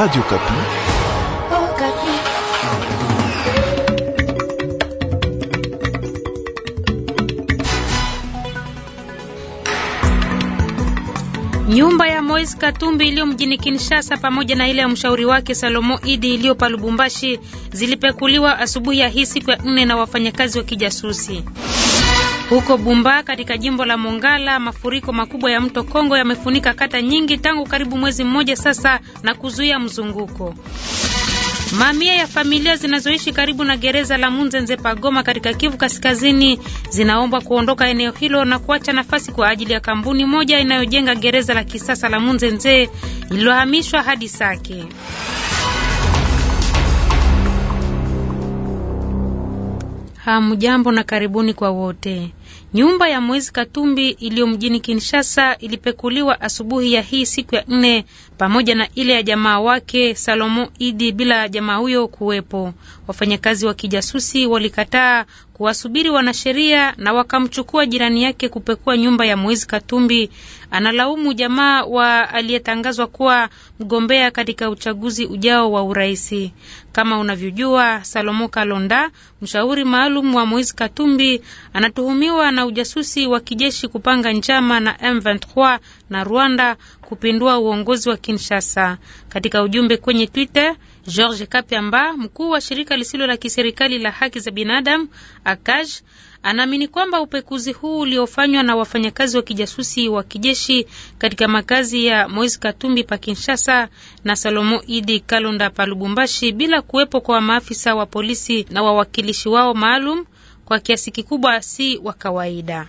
Radio Kapi. Oh, Kapi. Nyumba ya Moise Katumbi iliyo mjini Kinshasa pamoja na ile ya mshauri wake Salomo Idi iliyo pa Lubumbashi zilipekuliwa asubuhi ya hii siku ya nne na wafanyakazi wa kijasusi. Huko Bumba katika jimbo la Mongala, mafuriko makubwa ya mto Kongo yamefunika kata nyingi tangu karibu mwezi mmoja sasa na kuzuia mzunguko. Mamia ya familia zinazoishi karibu na gereza la Munzenze Pagoma katika Kivu Kaskazini zinaomba kuondoka eneo hilo na kuacha nafasi kwa ajili ya kampuni moja inayojenga gereza la kisasa la Munzenze lililohamishwa hadi Sake. Hamjambo na karibuni kwa wote. Nyumba ya mwezi Katumbi iliyo mjini Kinshasa ilipekuliwa asubuhi ya hii siku ya nne pamoja na ile ya jamaa wake Salomo Idi bila jamaa huyo kuwepo. Wafanyakazi wa kijasusi walikataa kuwasubiri wanasheria na wakamchukua jirani yake kupekua nyumba ya Moise Katumbi. Analaumu jamaa wa aliyetangazwa kuwa mgombea katika uchaguzi ujao wa uraisi. Kama unavyojua, Salomo Kalonda, mshauri maalum wa Moise Katumbi, anatuhumiwa na ujasusi wa kijeshi, kupanga njama na M23 na Rwanda kupindua uongozi wa Kinshasa. Katika ujumbe kwenye Twitter, George Kapiamba, mkuu wa shirika lisilo la kiserikali la haki za binadamu ACAJ, anaamini kwamba upekuzi huu uliofanywa na wafanyakazi wa kijasusi wa kijeshi katika makazi ya Moise Katumbi pa Kinshasa na Salomo Idi Kalonda pa Lubumbashi bila kuwepo kwa maafisa wa polisi na wawakilishi wao maalum kwa kiasi kikubwa si wa kawaida.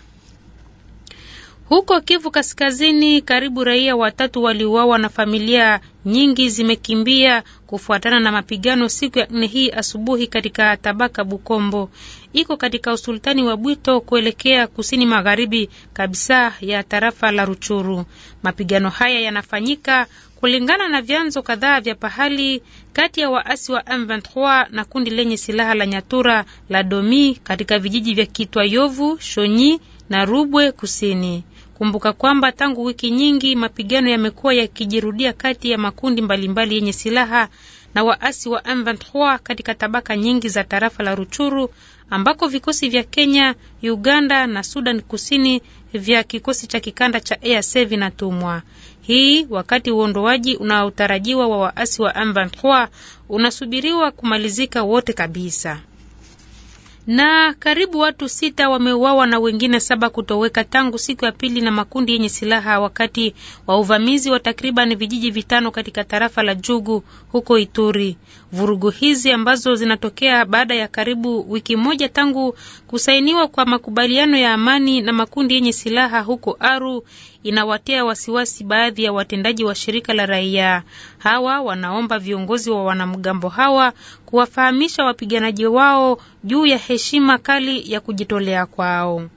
Huko Kivu Kaskazini, karibu raia watatu waliuawa na familia nyingi zimekimbia kufuatana na mapigano siku ya nne hii asubuhi katika tabaka Bukombo iko katika usultani wa Bwito kuelekea kusini magharibi kabisa ya tarafa la Ruchuru. Mapigano haya yanafanyika kulingana na vyanzo kadhaa vya pahali kati ya waasi wa M23 na kundi lenye silaha la Nyatura la Domi katika vijiji vya Kitwa Yovu, Shonyi na Rubwe kusini. Kumbuka kwamba tangu wiki nyingi mapigano yamekuwa yakijirudia kati ya makundi mbalimbali yenye silaha na waasi wa M23 katika tabaka nyingi za tarafa la Ruchuru ambako vikosi vya Kenya, Uganda na Sudan Kusini vya kikosi cha kikanda cha EAC vinatumwa. Hii wakati uondoaji unaotarajiwa wa waasi wa M23 unasubiriwa kumalizika wote kabisa na karibu watu sita wameuawa na wengine saba kutoweka tangu siku ya pili na makundi yenye silaha wakati wa uvamizi wa takriban vijiji vitano katika tarafa la Jugu huko Ituri. Vurugu hizi ambazo zinatokea baada ya karibu wiki moja tangu kusainiwa kwa makubaliano ya amani na makundi yenye silaha huko Aru inawatia wasiwasi baadhi ya watendaji wa shirika la raia. Hawa wanaomba viongozi wa wanamgambo hawa kuwafahamisha wapiganaji wao juu ya heshima kali ya kujitolea kwao.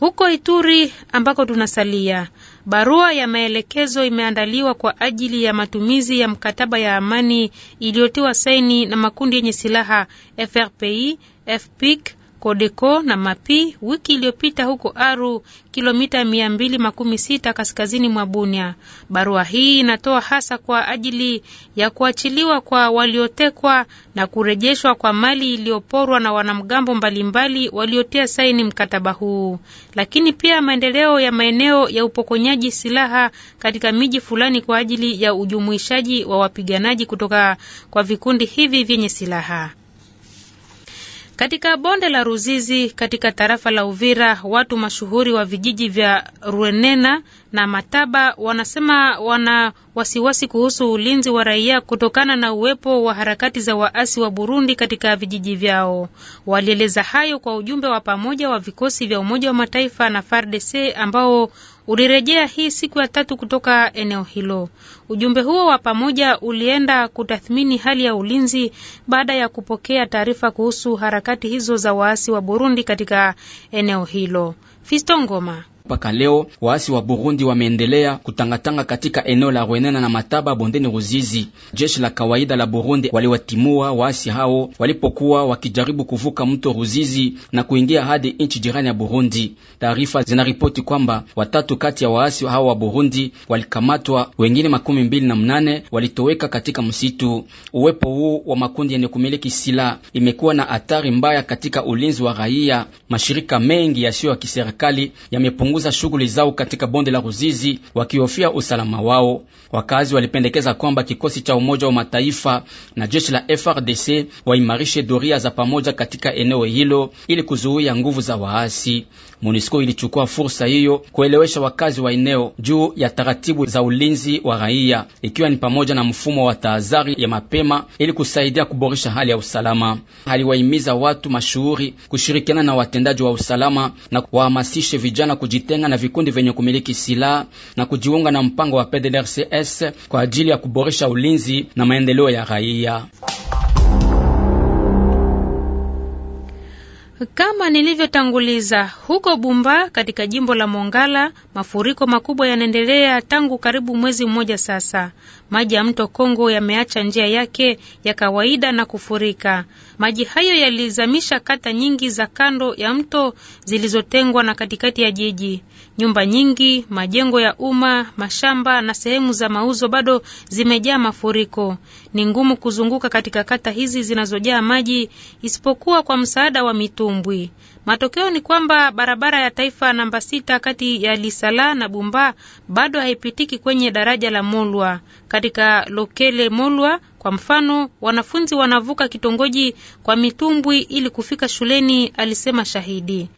Huko Ituri ambako tunasalia, barua ya maelekezo imeandaliwa kwa ajili ya matumizi ya mkataba ya amani iliyotiwa saini na makundi yenye silaha FRPI, FPIC kodeko na Mapi wiki iliyopita huko Aru, kilomita 216 kaskazini mwa Bunia. Barua hii inatoa hasa kwa ajili ya kuachiliwa kwa waliotekwa na kurejeshwa kwa mali iliyoporwa na wanamgambo mbalimbali waliotia saini mkataba huu, lakini pia maendeleo ya maeneo ya upokonyaji silaha katika miji fulani kwa ajili ya ujumuishaji wa wapiganaji kutoka kwa vikundi hivi vyenye silaha. Katika bonde la Ruzizi katika tarafa la Uvira, watu mashuhuri wa vijiji vya Ruenena na Mataba wanasema wana wasiwasi kuhusu ulinzi wa raia kutokana na uwepo wa harakati za waasi wa Burundi katika vijiji vyao. Walieleza hayo kwa ujumbe wa pamoja wa vikosi vya Umoja wa Mataifa na FARDC ambao ulirejea hii siku ya tatu kutoka eneo hilo. Ujumbe huo wa pamoja ulienda kutathmini hali ya ulinzi baada ya kupokea taarifa kuhusu harakati hizo za waasi wa Burundi katika eneo hilo. Fisto Ngoma mpaka leo waasi wa Burundi wameendelea kutangatanga katika eneo la Rwenena na Mataba bondeni Ruzizi. Jeshi la kawaida la Burundi waliwatimua waasi hao walipokuwa wakijaribu kuvuka mto Ruzizi na kuingia hadi nchi jirani ya Burundi. Taarifa zinaripoti kwamba watatu kati ya waasi hao wa Burundi walikamatwa, wengine makumi mbili na mnane walitoweka katika msitu. Uwepo huu wa makundi yenye kumiliki silaha imekuwa na athari mbaya katika ulinzi wa raia. Mashirika mengi yasiyo ya kiserikali yamepunguza kupunguza shughuli zao katika bonde la Ruzizi wakihofia usalama wao. Wakazi walipendekeza kwamba kikosi cha Umoja wa Mataifa na jeshi la FRDC waimarishe doria za pamoja katika eneo hilo ili kuzuia nguvu za waasi. MONUSCO ilichukua fursa hiyo kuelewesha wakazi wa eneo juu ya taratibu za ulinzi wa raia, ikiwa ni pamoja na mfumo wa tahadhari ya mapema ili kusaidia kuboresha hali ya usalama. Aliwahimiza watu mashuhuri kushirikiana na watendaji wa usalama na kuwahamasishe vijana kujitenga na vikundi vyenye kumiliki silaha na kujiunga na mpango wa pdlrcs kwa ajili ya kuboresha ulinzi na maendeleo ya raia. Kama nilivyotanguliza huko Bumba katika jimbo la Mongala, mafuriko makubwa yanaendelea tangu karibu mwezi mmoja sasa. Maji ya mto Kongo yameacha njia yake ya kawaida na kufurika. Maji hayo yalizamisha kata nyingi za kando ya mto zilizotengwa na katikati ya jiji. Nyumba nyingi, majengo ya umma, mashamba na sehemu za mauzo bado zimejaa mafuriko. Ni ngumu kuzunguka katika kata hizi zinazojaa maji isipokuwa kwa msaada wa mitumbwi. Matokeo ni kwamba barabara ya taifa namba sita kati ya Lisala na Bumba bado haipitiki kwenye daraja la Molwa. Katika Lokele Molwa kwa mfano, wanafunzi wanavuka kitongoji kwa mitumbwi ili kufika shuleni, alisema shahidi.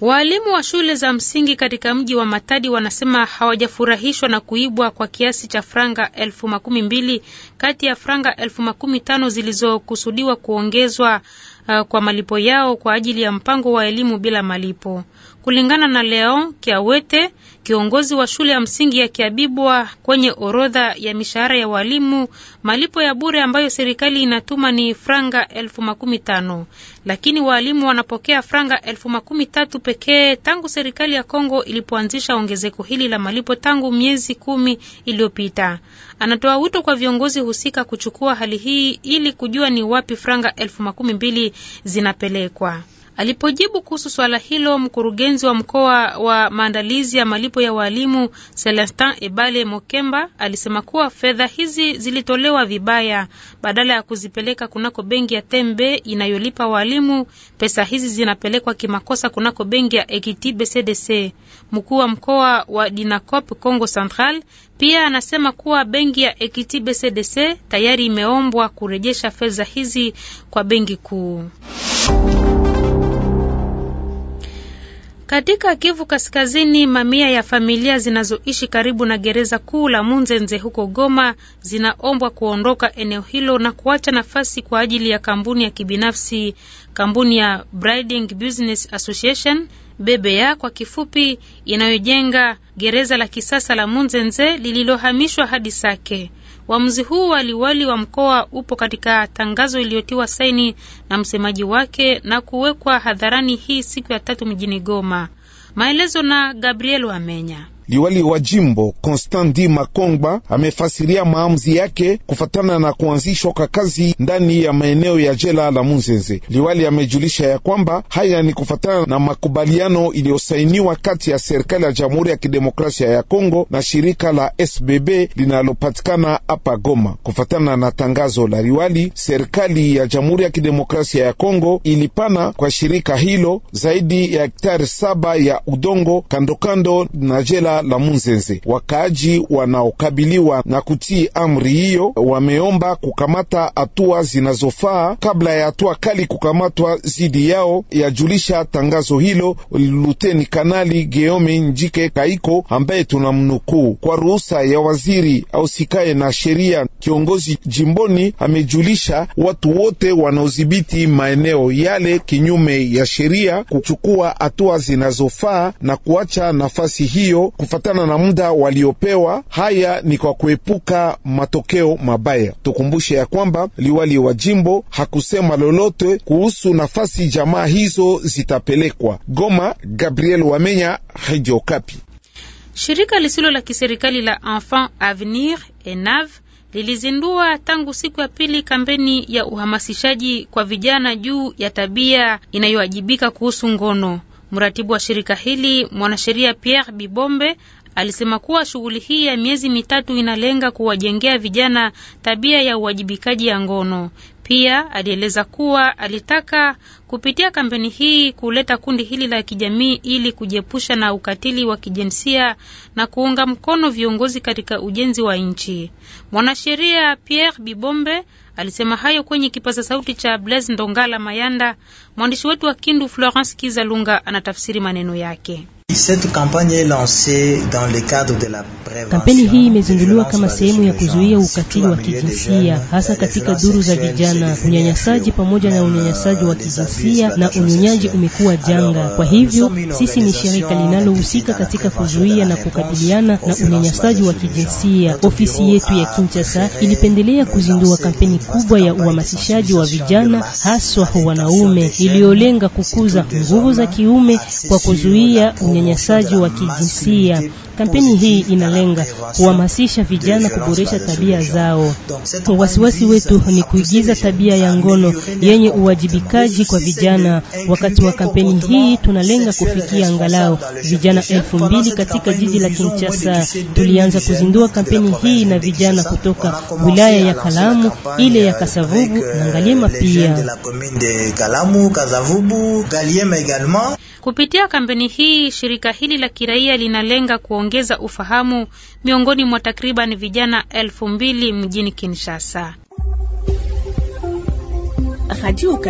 Waalimu wa shule za msingi katika mji wa Matadi wanasema hawajafurahishwa na kuibwa kwa kiasi cha franga elfu makumi mbili kati ya franga elfu makumi tano zilizokusudiwa kuongezwa uh, kwa malipo yao kwa ajili ya mpango wa elimu bila malipo. Kulingana na Leon Kiawete, kiongozi wa shule ya msingi ya Kiabibwa, kwenye orodha ya mishahara ya walimu, malipo ya bure ambayo serikali inatuma ni franga elfu makumi tano lakini waalimu wanapokea franga elfu makumi tatu pekee tangu serikali ya Kongo ilipoanzisha ongezeko hili la malipo tangu miezi kumi iliyopita. Anatoa wito kwa viongozi husika kuchukua hali hii ili kujua ni wapi franga elfu makumi mbili zinapelekwa. Alipojibu kuhusu swala hilo, mkurugenzi wa mkoa wa maandalizi ya malipo ya walimu Celestin Ebale Mokemba alisema kuwa fedha hizi zilitolewa vibaya. Badala ya kuzipeleka kunako benki ya Tembe inayolipa walimu, pesa hizi zinapelekwa kimakosa kunako benki ya Equity BCDC. Mkuu wa mkoa wa Dinacop Congo Central pia anasema kuwa benki ya Equity BCDC tayari imeombwa kurejesha fedha hizi kwa benki kuu. Katika Kivu Kaskazini, mamia ya familia zinazoishi karibu na gereza kuu la Munzenze huko Goma zinaombwa kuondoka eneo hilo na kuacha nafasi kwa ajili ya kampuni ya kibinafsi. Kampuni ya Briding Business Association BBA kwa kifupi, inayojenga gereza la kisasa la Munzenze lililohamishwa hadi Sake. Uamuzi huu wa liwali wa mkoa upo katika tangazo iliyotiwa saini na msemaji wake na kuwekwa hadharani hii siku ya tatu mjini Goma. Maelezo na Gabriel Wamenya. Liwali wa jimbo Constant di Makongwa amefasiria maamuzi yake kufatana na kuanzishwa kwa kazi ndani ya maeneo ya jela la Munzenze. Liwali amejulisha ya kwamba haya ni kufatana na makubaliano iliyosainiwa kati ya serikali ya Jamhuri ya Kidemokrasia ya Kongo na shirika la SBB linalopatikana hapa Goma. Kufatana na tangazo la liwali, serikali ya Jamhuri ya Kidemokrasia ya Kongo ilipana kwa shirika hilo zaidi ya hektari saba ya udongo kandokando na jela la Munzenze. Wakaaji wanaokabiliwa na kutii amri hiyo wameomba kukamata hatua zinazofaa kabla ya hatua kali kukamatwa zidi yao, yajulisha tangazo hilo Luteni Kanali Geome Njike Kaiko ambaye tunamnukuu. Kwa ruhusa ya waziri ausikaye na sheria, kiongozi jimboni amejulisha watu wote wanaodhibiti maeneo yale kinyume ya sheria kuchukua hatua zinazofaa na kuacha nafasi hiyo kufatana na muda waliopewa. Haya ni kwa kuepuka matokeo mabaya. Tukumbushe ya kwamba liwali wa jimbo hakusema lolote kuhusu nafasi jamaa hizo zitapelekwa Goma. Gabriel Wamenya, Radio Okapi. Shirika lisilo la kiserikali la Enfant Avenir ENAV lilizindua tangu siku ya pili kampeni ya uhamasishaji kwa vijana juu ya tabia inayowajibika kuhusu ngono. Mratibu wa shirika hili mwanasheria Pierre Bibombe alisema kuwa shughuli hii ya miezi mitatu inalenga kuwajengea vijana tabia ya uwajibikaji ya ngono. Pia alieleza kuwa alitaka kupitia kampeni hii kuleta kundi hili la kijamii ili kujiepusha na ukatili wa kijinsia na kuunga mkono viongozi katika ujenzi wa nchi. Mwanasheria Pierre Bibombe Alisema hayo kwenye kipaza sauti cha Blaise Ndongala Mayanda. Mwandishi wetu wa Kindu Florence Kizalunga anatafsiri maneno yake. Kampeni hii imezinduliwa kama sehemu ya kuzuia ukatili wa kijinsia hasa katika duru za vijana. Unyanyasaji pamoja na unyanyasaji wa kijinsia na unyonyaji umekuwa janga. Kwa hivyo sisi ni shirika linalohusika katika kuzuia na kukabiliana na unyanyasaji wa kijinsia. Ofisi yetu ya Kinshasa ilipendelea kuzindua kampeni kubwa ya uhamasishaji wa vijana haswa wanaume iliyolenga kukuza nguvu za kiume kwa kuzuia unyanyasaji wa kijinsia. Kampeni hii inalenga kuhamasisha vijana kuboresha tabia zao. Wasiwasi wetu ni kuigiza tabia ya ngono yenye uwajibikaji kwa vijana. Wakati wa kampeni hii tunalenga kufikia angalau vijana elfu mbili katika jiji la Kinshasa. Tulianza kuzindua kampeni hii na vijana kutoka wilaya ya Kalamu ili ile ya Kasavubu na euh, Ngaliema pia. Kupitia kampeni hii, shirika hili la kiraia linalenga kuongeza ufahamu miongoni mwa takriban vijana elfu mbili mjini Kinshasa. Radio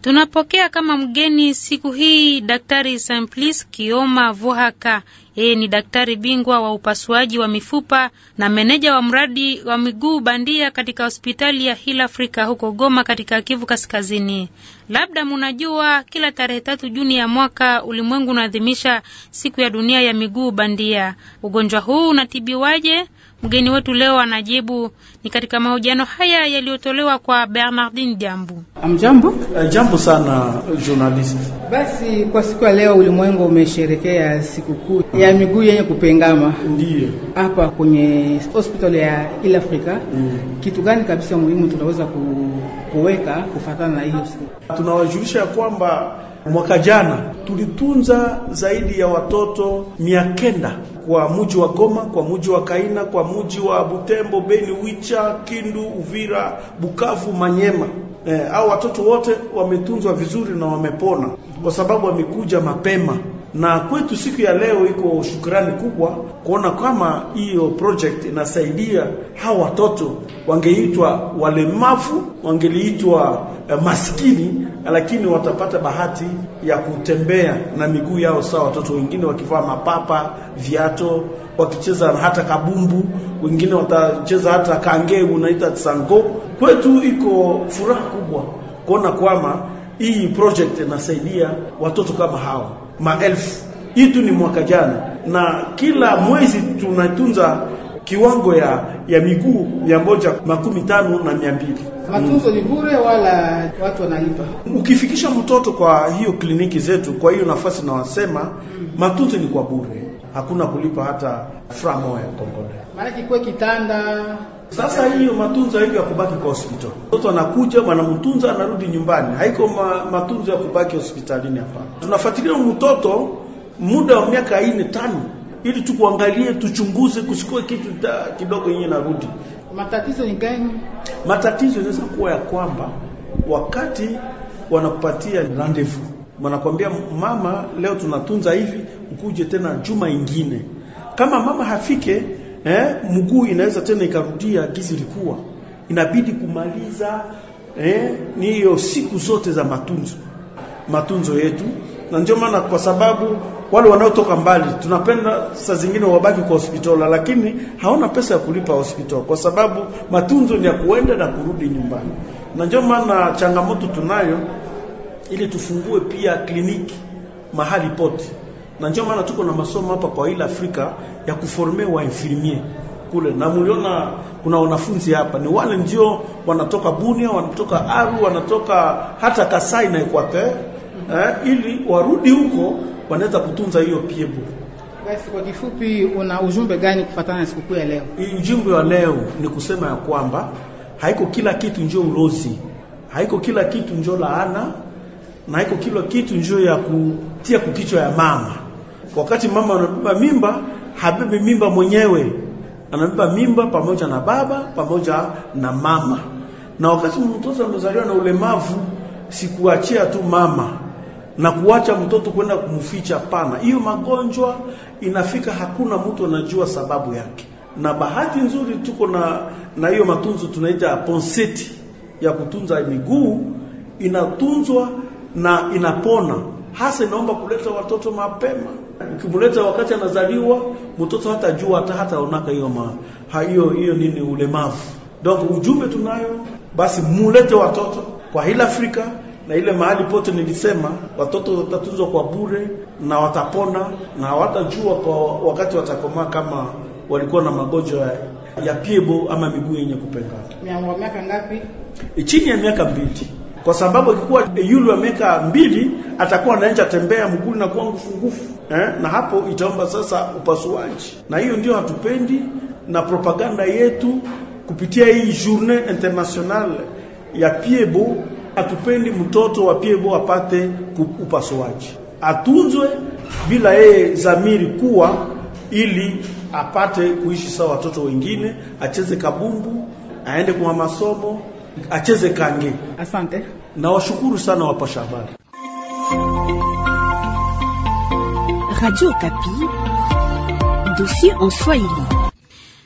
Tunapokea kama mgeni siku hii Daktari Simplice Kioma Vuhaka yeye ni daktari bingwa wa upasuaji wa mifupa na meneja wa mradi wa miguu bandia katika hospitali ya Hill Africa huko Goma katika Kivu Kaskazini. Labda munajua kila tarehe tatu Juni ya mwaka ulimwengu unaadhimisha siku ya dunia ya miguu bandia. Ugonjwa huu unatibiwaje? Mgeni wetu leo anajibu ni katika mahojiano haya yaliyotolewa kwa Bernardin Jambu. Amjambo? Uh, jambo sana journalist. Basi kwa siku ya leo ulimwengu umesherekea sikukuu ya miguu yenye kupengama ndio hapa kwenye hospital ya Il Africa mm. Kitu gani kabisa muhimu tunaweza kuweka kufatana na hiyo Tunawajulisha ya kwamba mwaka jana tulitunza zaidi ya watoto mia kenda kwa muji wa Goma, kwa muji wa Kaina, kwa muji wa Butembo, Beni, Wicha, Kindu, Uvira, Bukavu, Manyema. Eh, au watoto wote wametunzwa vizuri na wamepona kwa sababu wamekuja mapema na kwetu siku ya leo iko shukrani kubwa kuona kama hiyo project inasaidia hawa watoto. Wangeitwa walemavu, wangeliitwa eh, maskini, lakini watapata bahati ya kutembea na miguu yao sawa watoto wengine, wakivaa mapapa, viato, wakicheza hata kabumbu, wengine watacheza hata kange, unaita sango. Kwetu iko furaha kubwa kuona kwama hii project inasaidia watoto kama hawa maelfu. Hitu ni mwaka jana, na kila mwezi tunatunza kiwango ya ya miguu mia moja makumi tano na mia mbili. Matunzo ni bure wala watu wanalipa. Ukifikisha mtoto kwa hiyo kliniki zetu, kwa hiyo nafasi nawasema, matunzo ni kwa bure, hakuna kulipa hata fra moya kongole, maana kitanda sasa hiyo matunzo haiko ya kubaki kwa hospitali. Mtoto anakuja wanamtunza, anarudi nyumbani, haiko ma, matunzo ya kubaki hospitalini. hapa tunafuatilia mtoto muda wa miaka ine tano, ili tukuangalie, tuchunguze, kusikoe kitu kidogo yenye narudi. Matatizo ni gani? Matatizo inaweza kuwa ya kwamba wakati wanakupatia randevu wanakwambia mama, leo tunatunza hivi, ukuje tena juma ingine. Kama mama hafike eh, mguu inaweza tena ikarudia gizi likuwa inabidi kumaliza eh, ni hiyo siku zote za matunzo matunzo yetu, na ndio maana kwa sababu wale wanaotoka mbali tunapenda saa zingine wabaki kwa hospitali, lakini haona pesa ya kulipa hospitali, kwa sababu matunzo ni ya kuenda na kurudi nyumbani. Na ndio maana changamoto tunayo, ili tufungue pia kliniki mahali pote na ndio maana tuko na masomo hapa kwa ile Afrika ya kuforme wa infirmier kule, na muliona kuna wanafunzi hapa, ni wale ndio wanatoka Bunia, wanatoka Aru, wanatoka hata Kasai na Equateur eh, ili warudi huko wanaweza kutunza hiyo piebu. Basi kwa kifupi, una ujumbe gani kufuatana na sikukuu ya leo? Ujumbe wa leo ni kusema ya kwamba haiko kila kitu njoo ulozi, haiko kila kitu njoo laana, na haiko kila kitu njoo ya kutia kukichwa ya mama wakati mama anabeba mimba habebi mimba mwenyewe anabeba mimba pamoja na baba pamoja na mama na wakati mtoto amezaliwa na ulemavu sikuachia tu mama na kuacha mtoto kwenda kumficha pana hiyo magonjwa inafika hakuna mtu anajua sababu yake na bahati nzuri tuko na na hiyo matunzo tunaita ponseti ya kutunza miguu inatunzwa na inapona hasa inaomba kuleta watoto mapema Ukimleta wakati anazaliwa mtoto hatajua hata onaka hiyo hiyo hiyo nini ulemavu. Donc ujumbe tunayo basi, mulete watoto kwa hila Afrika na ile mahali pote nilisema watoto watatunzwa kwa bure na watapona na hawatajua kwa wakati watakomaa kama walikuwa na magonjwa ya piebo ama miguu yenye kupengana. Miaka ngapi? Chini ya miaka mbili kwa sababu ikikuwa yule miaka mbili atakuwa ndani tembea mguu na kuwa ngufungufu eh? na hapo itaomba sasa upasuaji, na hiyo ndio hatupendi, na propaganda yetu kupitia hii journée internationale ya piebo, hatupendi mtoto wa piebo apate upasuaji, atunzwe bila yeye zamiri kuwa ili apate kuishi sawa watoto wengine, acheze kabumbu, aende kwa masomo acheze kange. Asante na washukuru sana wapasha habari Radio Kapi, dossier en Swahili.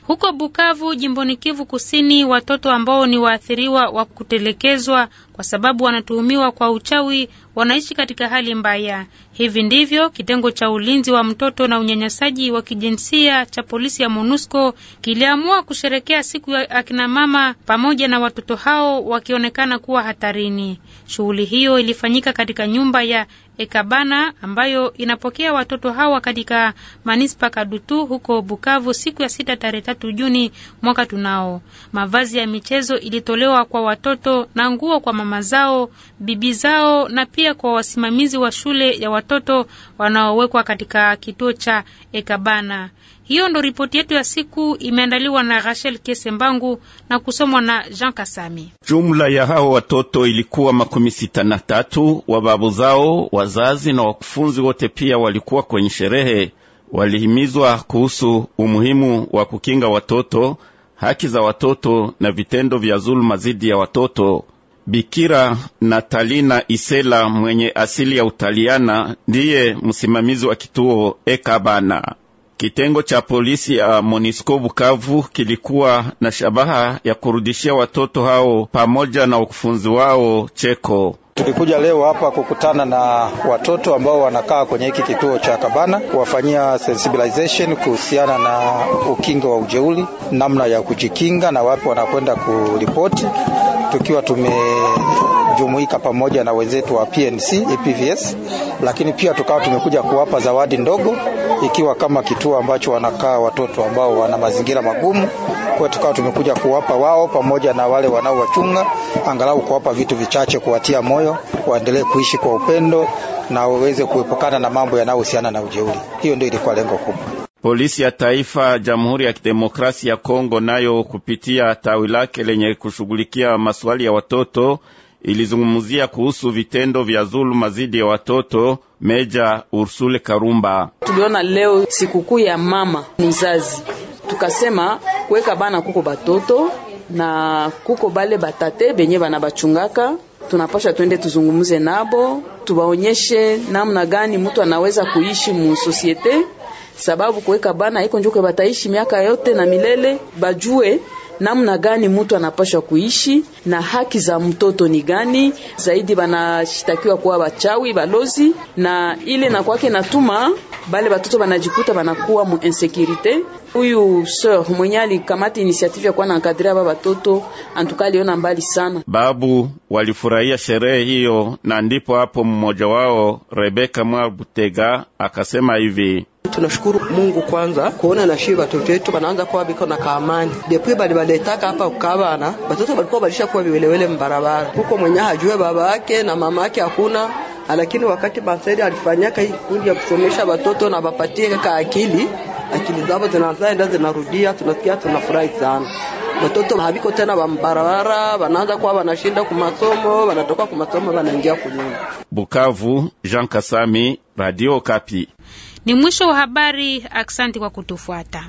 Huko Bukavu, jimboni Kivu Kusini, watoto ambao ni waathiriwa wa kutelekezwa kwa sababu wanatuhumiwa kwa uchawi wanaishi katika hali mbaya. Hivi ndivyo kitengo cha ulinzi wa mtoto na unyanyasaji wa kijinsia cha polisi ya MONUSCO kiliamua kusherekea siku ya akina mama pamoja na watoto hao wakionekana kuwa hatarini. Shughuli hiyo ilifanyika katika nyumba ya Ekabana ambayo inapokea watoto hawa katika manispa Kadutu huko Bukavu siku ya sita tarehe tatu Juni mwaka tunao. Mavazi ya michezo ilitolewa kwa watoto na nguo kwa mama zao, bibi zao na pia kwa wasimamizi wa shule ya watoto wanaowekwa katika kituo cha Ekabana. Hiyo ndo ripoti yetu ya siku imeandaliwa na Rachel Kesembangu na kusomwa na Jean Kasami. Jumla ya hao watoto ilikuwa makumi sita na tatu. Wababu zao, wazazi na wakufunzi wote pia walikuwa kwenye sherehe. Walihimizwa kuhusu umuhimu wa kukinga watoto, haki za watoto na vitendo vya zuluma dhidi ya watoto. Bikira Natalina Isela mwenye asili ya Utaliana ndiye msimamizi wa kituo Ekabana. Kitengo cha polisi ya uh, monisco Bukavu kilikuwa na shabaha ya kurudishia watoto hao pamoja na ukufunzi wao cheko. Tulikuja leo hapa kukutana na watoto ambao wanakaa kwenye hiki kituo cha Kabana kuwafanyia sensibilization kuhusiana na ukingo wa ujeuli namna ya kujikinga na wapi wanakwenda kuripoti, tukiwa tume tukajumuika pamoja na wenzetu wa PNC EPVS, lakini pia tukawa tumekuja kuwapa zawadi ndogo, ikiwa kama kituo ambacho wanakaa watoto ambao wana mazingira magumu. Kwa hiyo tukawa tumekuja kuwapa wao pamoja na wale wanaowachunga, angalau kuwapa vitu vichache, kuwatia moyo waendelee kuishi kwa upendo na waweze kuepukana na mambo yanayohusiana na ujeuri. Hiyo ndio ilikuwa lengo kubwa. Polisi ya taifa Jamhuri ya Kidemokrasia ya Kongo nayo kupitia tawi lake lenye kushughulikia maswali ya watoto ilizungumzia kuhusu vitendo vya dhuluma dhidi ya watoto. Meja Ursule Karumba: tuliona leo sikukuu ya mama mzazi, tukasema kuweka bana kuko batoto na kuko bale batate benye bana bachungaka, tunapasha twende tuzungumze nabo, tubaonyeshe namna gani mtu anaweza kuishi mu sosiete, sababu kuweka bana iko njuko bataishi miaka yote na milele, bajue namna gani mtu anapashwa kuishi na haki za mtoto ni gani. Zaidi banashitakiwa kuwa wachawi, balozi, na ile na kwake natuma bale batoto banajikuta banakuwa mu insekurite. Huyu sir mwenye alikamata inisiative ya kuwa na kadria ba batoto antuka aliona mbali sana. Babu walifurahia sherehe hiyo, na ndipo hapo mmoja wao Rebeka Mwabutega akasema hivi: Tunashukuru Mungu kwanza kuona na shiva watoto wetu wanaanza kuwa biko na kaamani. Depuis bali baletaka hapa kukabana, watoto walikuwa balisha kuwa viwelewele mbarabara. Huko mwenye hajue baba yake na mama yake hakuna, lakini wakati Banseri alifanyaka hii kundi ya kusomesha watoto na wapatie kaka akili, akili zao zinaanza zinarudia, tunasikia tunafurahi sana. Watoto habiko tena wa mbarabara, wanaanza kuwa wanashinda kumasomo, wanatoka kumasomo wanaingia kunyuma Bukavu, Jean Kasami, Radio Kapi. Ni mwisho wa habari. Aksanti kwa kutufuata.